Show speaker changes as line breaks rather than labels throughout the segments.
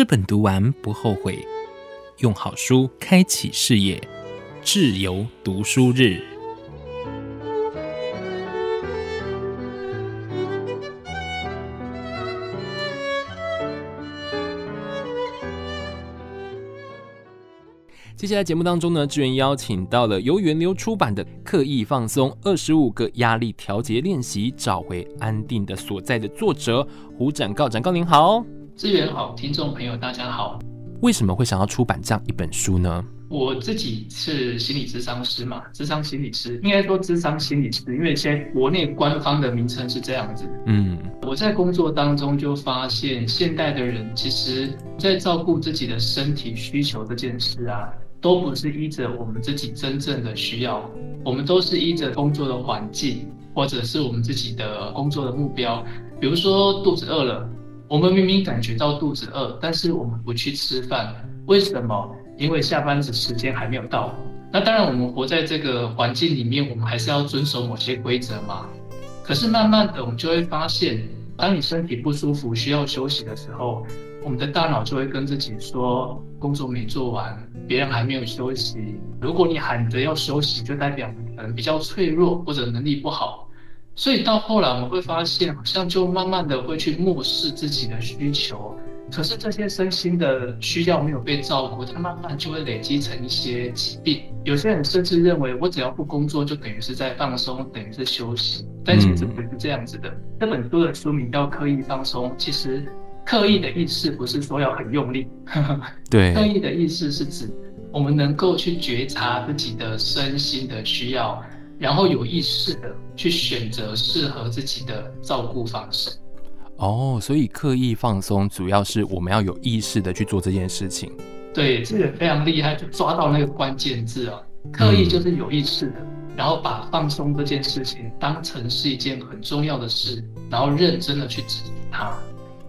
這本讀完不後悔，用好書開啟事業智由讀書日。接下來節目當中呢，志遠邀請到了由遠流出版的《刻意放鬆：二十五個壓力調節練習，找回安定的所在》的作者胡展誥，展誥您好。
資源好，聽眾朋友，大家好。
為什麼會想要出版這樣一本書呢？
我自己是心理諮商師嘛，諮商心理師應該說諮商心理師，因為現在國內官方的名稱是這樣子。
嗯，
我在工作當中就發現，現代的人其實，在照顧自己的身體需求這件事啊，都不是依着我們自己真正的需要，我們都是依着工作的環境或者是我們自己的工作的目標，比如說肚子餓了。我們明明感覺到肚子餓，但是我們不去吃飯，為什麼？因為下班的時間還沒有到。那當然，我們活在這個環境裡面，我們還是要遵守某些規則嘛。可是慢慢的，我們就會發現，當你身體不舒服、需要休息的時候，我們的大腦就會跟自己說：工作沒做完，別人還沒有休息。如果你喊着要休息，就代表你可能比較脆弱或者能力不好。所以到後來，我們會發現，好像就慢慢的會去漠視自己的需求。可是這些身心的需要沒有被照顧，它慢慢就會累積成一些疾病。有些人甚至認為，我只要不工作，就等於是在放鬆，等於是休息。但其實不是這樣子的。這本書的書名叫《刻意放鬆》，其實“刻意”的意思不是說要很用力，對，“刻意”的意思是指我們能夠去覺察自己的身心的需要。然後有意識的去選擇適合自己的照顧方
式，哦，所以刻意放鬆主要是我們要有意識的去做這件事情。
對，這個非常厲害，就抓到那個關鍵字啊，刻意就是有意識的，嗯，然後把放鬆這件事情當成是一件很重要的事，然後認真的去執行它。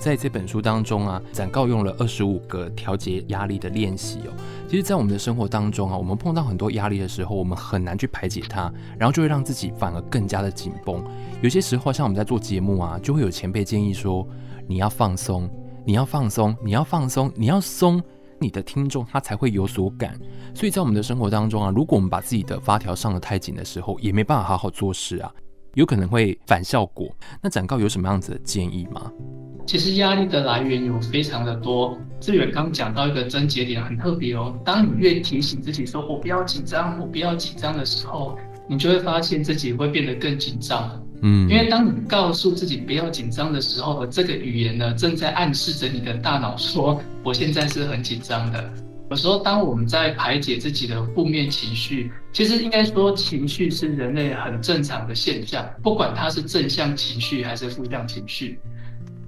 在這本書當中啊，展誥用了二十五個調節壓力的練習哦。其實，在我們的生活當中啊，我們碰到很多壓力的時候，我們很難去排解它，然後就會讓自己反而更加的緊繃。有些時候，像我們在做節目啊，就會有前輩建議說，你要放鬆，你要放鬆，你要放鬆，你要鬆，你的聽眾他才會有所感。所以在我們的生活當中啊，如果我們把自己的發條上得太緊的時候，也沒辦法好好做事啊。有可能會反效果。那展誥有什麼樣子的建議嗎？
其實壓力的來源有非常的多。志遠剛講到一個症結點很特別哦，當你越提醒自己說“我不要緊張，我不要緊張”的時候，你就會發現自己會變得更緊張。嗯，因為當你告訴自己不要緊張的時候，而這個語言呢正在暗示着你的大腦說：“我現在是很緊張的。”有時候，我當我們在排解自己的負面情緒，其實應該說，情緒是人類很正常的現象，不管它是正向情緒還是負向情緒。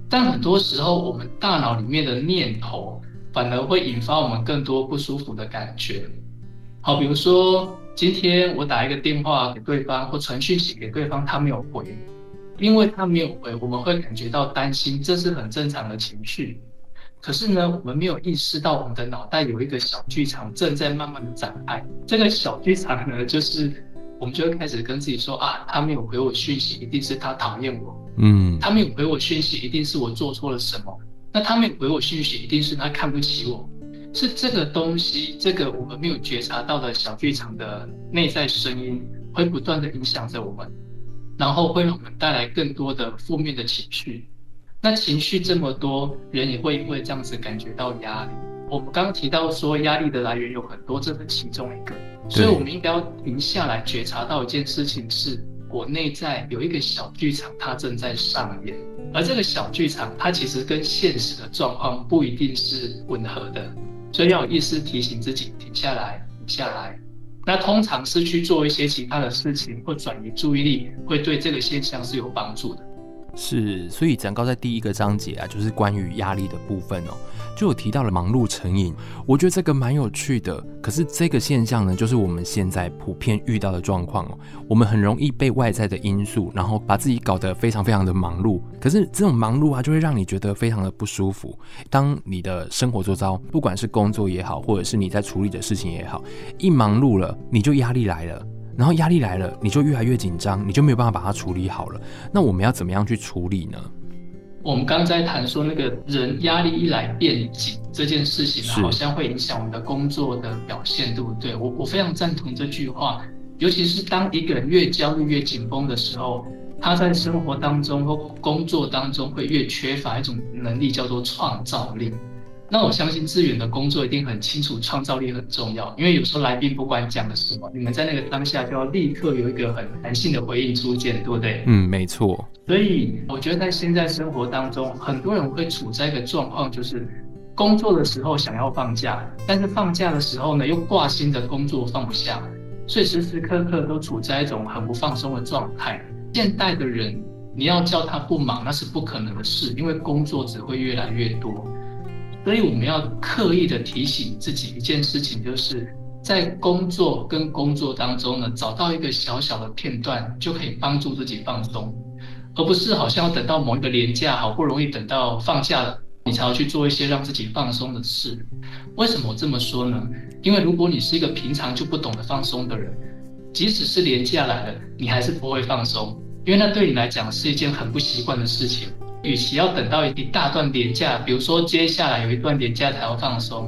但很多時候，我們大腦裡面的念頭，反而會引發我們更多不舒服的感覺。好，比如說，今天我打一個電話給對方，或傳訊息給對方，他沒有回。因為他沒有回，我們會感覺到擔心，這是很正常的情緒。可是呢，我們沒有意識到我們的腦袋有一個小劇場正在慢慢的展開。這個小劇場呢，就是我們就會開始跟自己說啊，他沒有回我訊息，一定是他討厭我。嗯，他沒有回我訊息，一定是我做錯了什麼。那他沒有回我訊息，一定是他看不起我。是這個東西，這個我們沒有覺察到的小劇場的內在聲音，會不斷的影響着我們，然後會讓我們帶來更多的負面的情緒。那情緒這麼多，人也會因為這樣子感覺到壓力。我們剛剛提到說，壓力的來源有很多，這是其中一個。所以我們應該要停下來覺察到一件事情是，是我內在有一個小劇場，它正在上演。而這個小劇場，它其實跟現實的狀況不一定是吻合的。所以要有意識提醒自己停下來，停下來。那通常是去做一些其他的事情，或轉移注意力，會對這個現象是有幫助的。
是，所以展誥在第一個章節啊，就是關於壓力的部分哦，就有提到了忙碌成癮，我覺得這個蠻有趣的。可是這個現象呢，就是我們現在普遍遇到的狀況哦，我們很容易被外在的因素，然後把自己搞得非常非常的忙碌。可是這種忙碌啊，就會讓你覺得非常的不舒服。當你的生活周遭，不管是工作也好，或者是你在處理的事情也好，一忙碌了，你就壓力來了。然後壓力來了，你就越來越緊張，你就沒有辦法把它處理好了。那我們要怎麼樣去處理呢？
我們剛才談說，那個人壓力一來變緊這件事情，好像會影響我們的工作的表現度。對，我我非常贊同這句話。尤其是當一個人越焦慮、越緊繃的時候，他在生活當中或工作當中會越缺乏一種能力，叫做創造力。那我相信志遠的工作一定很清楚，創造力很重要，因為有時候來賓不管講的什麼，你們在那個當下就要立刻有一個很彈性的回應出現，對不對？
嗯，沒錯。
所以我覺得在現在生活當中，很多人會處在一個狀況，就是工作的時候想要放假，但是放假的時候呢，又掛心的工作放不下，所以時時刻刻都處在一種很不放鬆的狀態。現代的人，你要叫他不忙，那是不可能的事，因為工作只會越來越多。所以我們要刻意的提醒自己一件事情，就是在工作跟工作當中呢，找到一個小小的片段，就可以幫助自己放鬆，而不是好像要等到某一個年假，好不容易等到放假了，你才要去做一些讓自己放鬆的事。為什麼我這麼說呢？因為如果你是一個平常就不懂得放鬆的人，即使是年假來了，你還是不會放鬆，因為那對你來講是一件很不習慣的事情。與其要等到一大段連假，比如說接下來有一段連假才會放鬆，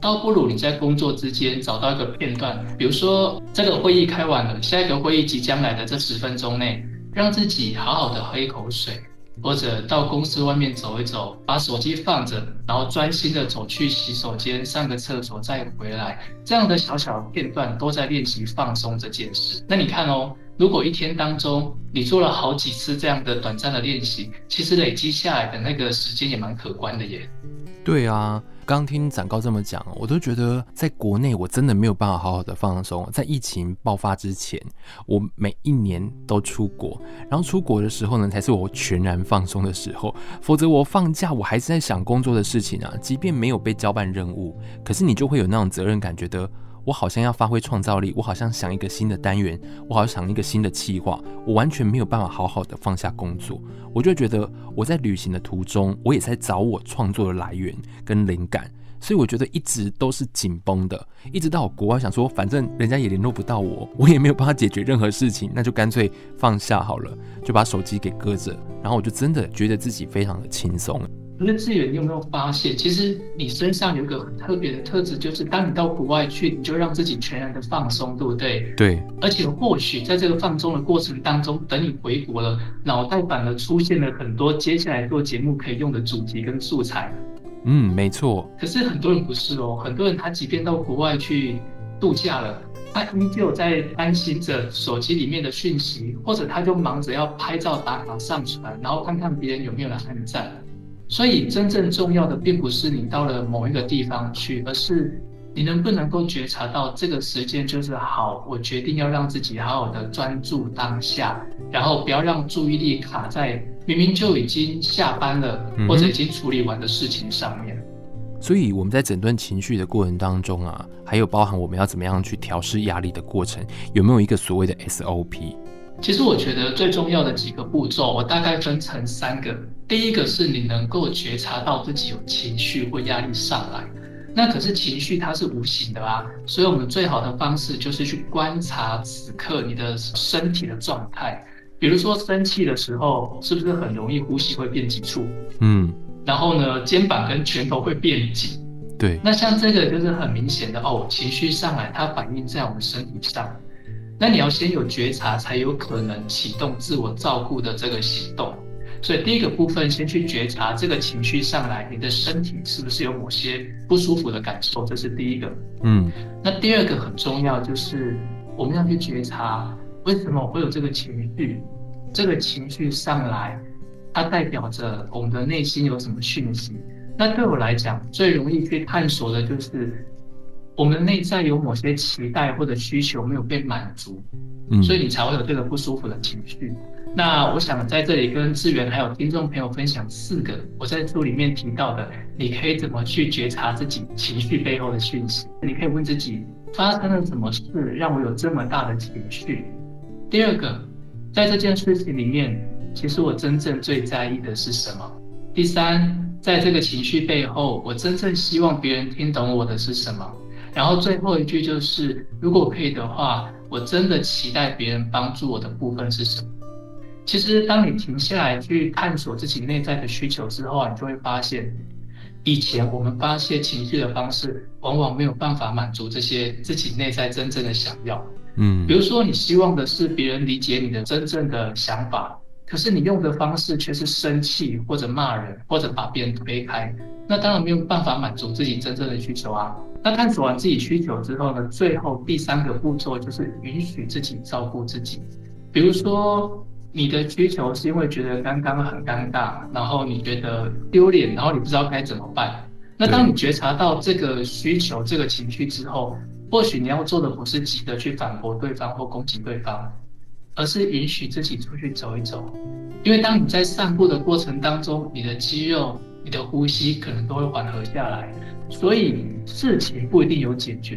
倒不如你在工作之間找到一個片段，比如說這個會議開完了，下一個會議即將來的這十分鐘內，讓自己好好的喝一口水，或者到公司外面走一走，把手機放着，然後專心的走去洗手間，上個廁所再回來，這樣的小小片段都在練習放鬆這件事。那你看哦。如果一天當中你做了好幾次這樣的短暫的練習，其實累積下來的那個時間也蠻可觀的耶。
對啊，剛聽展誥這麼講，我都覺得在國內我真的沒有辦法好好的放鬆。在疫情爆發之前，我每一年都出國，然後出國的時候呢，才是我全然放鬆的時候。否則我放假，我還是在想工作的事情啊。即便沒有被交辦任務，可是你就會有那種責任感覺的，覺得。我好像要發揮創造力，我好像想一個新的單元，我好像想一個新的企劃，我完全沒有辦法好好的放下工作，我就覺得我在旅行的途中，我也在找我創作的來源跟靈感，所以我覺得一直都是緊繃的，一直到我國外想說，反正人家也聯絡不到我，我也沒有辦法解決任何事情，那就乾脆放下好了，就把手機給擱着，然後我就真的覺得自己非常的輕鬆。
可是志遠，你有沒有發現，其實你身上有一個很特別的特質，就是當你到國外去，你就讓自己全然的放鬆，對不對？對。而且或許在這個放鬆的過程當中，等你回國了，腦袋反而出現了很多接下來做節目可以用的主題跟素材。
嗯，沒錯。
可是很多人不是哦，很多人他即便到國外去度假了，他依舊在擔心着手機裡面的訊息，或者他就忙着要拍照打卡上傳，然後看看別人有沒有來按贊。所以真正重要的並不是你到了某一個地方去，而是你能不能夠覺察到這個時間就是好，我決定要讓自己好好的專注當下，然後不要讓注意力卡在明明就已經下班了，或者已經處理完的事情上面。嗯、
所以我們在整段情緒的過程當中啊，還有包含我們要怎麼樣去調適壓力的過程，有沒有一個所謂的 SOP？
其實我覺得最重要的幾個步驟，我大概分成三個。第一個是你能夠覺察到自己有情緒或壓力上來，那可是情緒它是無形的啊。所以我們最好的方式就是去觀察此刻你的身體的狀態。比如說生氣的時候，是不是很容易呼吸會變急促？
嗯。
然後呢，肩膀跟拳頭會變緊。對。那像這個就是很明顯的哦，情緒上來它反映在我們身體上。那你要先有覺察，才有可能啟動自我照顧的這個行動。所以第一個部分，先去覺察這個情緒上來，你的身體是不是有某些不舒服的感受？這是第一個。嗯，那第二個很重要，就是我們要去覺察為什麼我會有這個情緒，這個情緒上來，它代表着我們的內心有什麼訊息？那對我來講，最容易去探索的就是。我們內在有某些期待或者需求沒有被滿足，嗯，所以你才會有這個不舒服的情緒。那我想在這裡跟志源還有聽眾朋友分享四個我在書裡面提到的，你可以怎麼去覺察自己情緒背後的訊息？你可以問自己發生了什麼事讓我有這麼大的情緒？第二個，在這件事情裡面，其實我真正最在意的是什麼？第三，在這個情緒背後，我真正希望別人聽懂我的是什麼？然後最後一句就是，如果可以的話，我真的期待別人幫助我的部分是什麼？其實，當你停下來去探索自己內在的需求之後啊，你就會發現，以前我們發洩情緒的方式，往往沒有辦法滿足這些自己內在真正的想要。嗯，比如說，你希望的是別人理解你的真正的想法，可是你用的方式卻是生氣或者罵人或者把別人推開，那當然沒有辦法滿足自己真正的需求啊。那探索完自己需求之後呢，最後第三個步驟就是允許自己照顧自己。比如說，你的需求是因為覺得剛剛很尷尬，然後你覺得丟臉，然後你不知道該怎麼辦。那當你覺察到這個需求、這個情緒之後，對或許你要做的不是急着去反駁對方或攻擊對方，而是允許自己出去走一走。因為當你在散步的過程當中，你的肌肉，你的呼吸可能都會緩和下來，所以事情不一定有解決，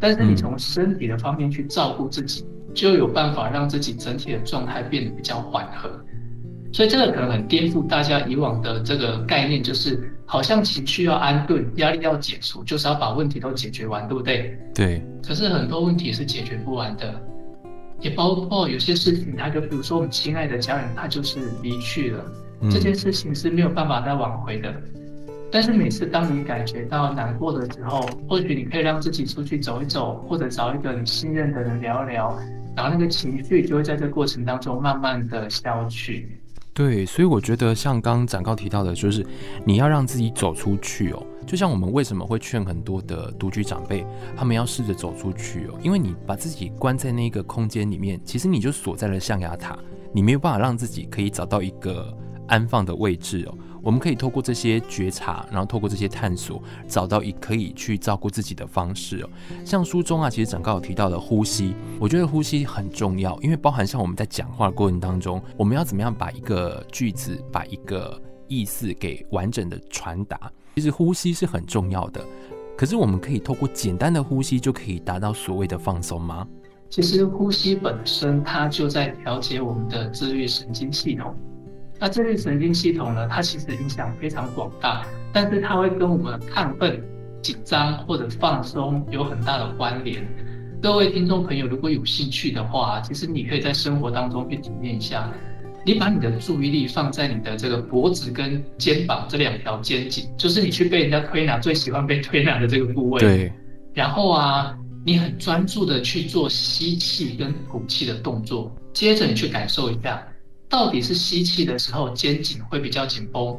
但是你從身體的方面去照顧自己，嗯、就有辦法讓自己整體的狀態變得比較緩和。所以這個可能很顛覆大家以往的這個概念，就是好像情緒要安頓，壓力要解除，就是要把問題都解決完，對不對？對。可是很多問題是解決不完的，也包括有些事情，他就比如說我們親愛的家人，他就是離去了。這件事情是沒有辦法再挽回的，但是每次當你感覺到難過的時候，或許你可以讓自己出去走一走，或者找一個你信任的人聊一聊，然後那個情緒就會在這個過程當中慢慢的消去。
對，所以我覺得像剛剛展誥提到的，就是你要讓自己走出去哦。就像我們為什麼會勸很多的獨居長輩，他們要試着走出去哦，因為你把自己關在那個空間裡面，其實你就鎖在了象牙塔，你沒有辦法讓自己可以找到一個。安放的位置哦，我們可以透過這些覺察，然後透過這些探索，找到一可以去照顧自己的方式哦。像書中啊，其實整個有提到的呼吸，我覺得呼吸很重要，因為包含像我們在講話的過程當中，我們要怎麼樣把一個句子、把一個意思給完整的傳達，其實呼吸是很重要的。可是我們可以透過簡單的呼吸就可以達到所謂的放鬆嗎？
其實呼吸本身它就在調節我們的自律神經系統。那、啊、這類、個、神經系統呢？它其實影響非常廣大，但是它會跟我們的亢奮、緊張或者放鬆有很大的關聯。各位聽眾朋友，如果有興趣的話，其實你可以在生活當中去體驗一下。你把你的注意力放在你的這個脖子跟肩膀這兩條肩頸，就是你去被人家推拿最喜歡被推拿的這個部位。對然後啊，你很專注的去做吸氣跟吐氣的動作，接着你去感受一下。嗯到底是吸氣的時候肩頸會比較緊繃，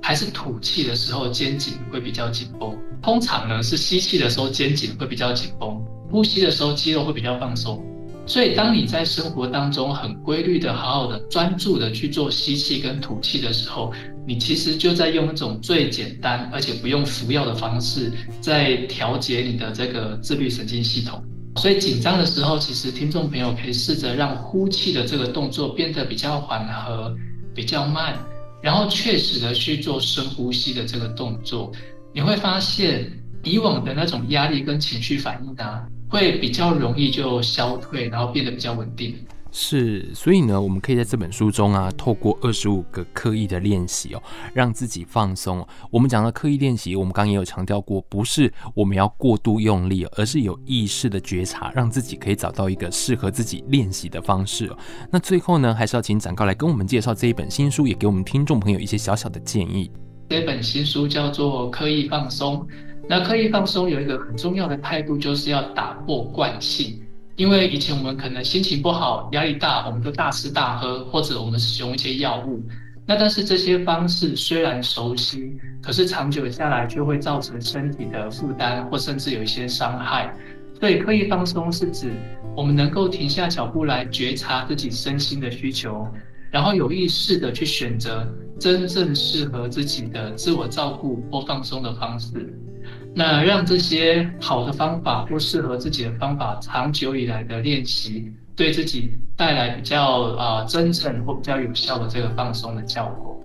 還是吐氣的時候肩頸會比較緊繃？通常呢，是吸氣的時候肩頸會比較緊繃，呼吸的時候肌肉會比較放鬆。所以當你在生活當中很規律的、好好的、專注的去做吸氣跟吐氣的時候，你其實就在用一種最簡單而且不用服藥的方式，在調節你的這個自律神經系統。所以緊張的時候，其實聽眾朋友可以試着讓呼氣的這個動作變得比較緩和、比較慢，然後確實的去做深呼吸的這個動作，你會發現以往的那種壓力跟情緒反應呢、啊，會比較容易就消退，然後變得比較穩
定。是，所以呢，我們可以在這本書中啊，透過二十五個刻意的練習哦，讓自己放鬆。我們講到刻意練習，我們剛剛也有強調過，不是我們要過度用力，而是有意識的覺察，讓自己可以找到一個適合自己練習的方式。那最後呢，還是要請展誥來跟我們介紹這一本新書，也給我們聽眾朋友一些小小的建議。
這本新書叫做《刻意放鬆》，那刻意放鬆有一個很重要的態度，就是要打破慣性。因為以前我們可能心情不好、壓力大，我們都大吃大喝，或者我們使用一些藥物。那但是這些方式雖然熟悉，可是長久下來就會造成身體的負擔，或甚至有一些傷害。所以刻意放鬆是指我們能夠停下腳步來覺察自己身心的需求，然後有意識地去選擇真正適合自己的自我照顧或放鬆的方式。那讓這些好的方法，或適合自己的方法，長久以來的練習，對自己帶來比較啊真誠或比較有效的這個放鬆的效果。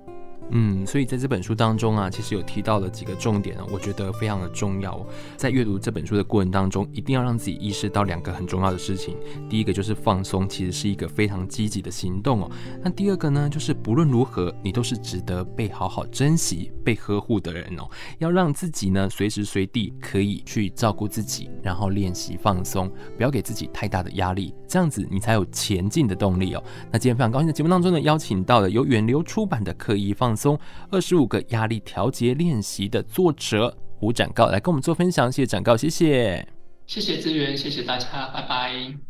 嗯，所以在這本書當中啊，其實有提到了幾個重點哦，我覺得非常的重要哦。在閱讀這本書的過程當中，一定要讓自己意識到兩個很重要的事情。第一個就是放鬆，其實是一個非常積極的行動哦。那第二個呢，就是不論如何，你都是值得被好好珍惜、被呵護的人哦。要讓自己呢隨時隨地可以去照顧自己，然後練習放鬆，不要給自己太大的壓力，這樣子你才有前進的動力哦。那今天非常高興的節目當中呢，邀請到了由遠流出版的《刻意放》。鬆二十五個壓力調節練習的作者胡展誥來跟我們做分享。謝謝展誥。謝謝，
謝謝資源，謝謝大家，拜拜。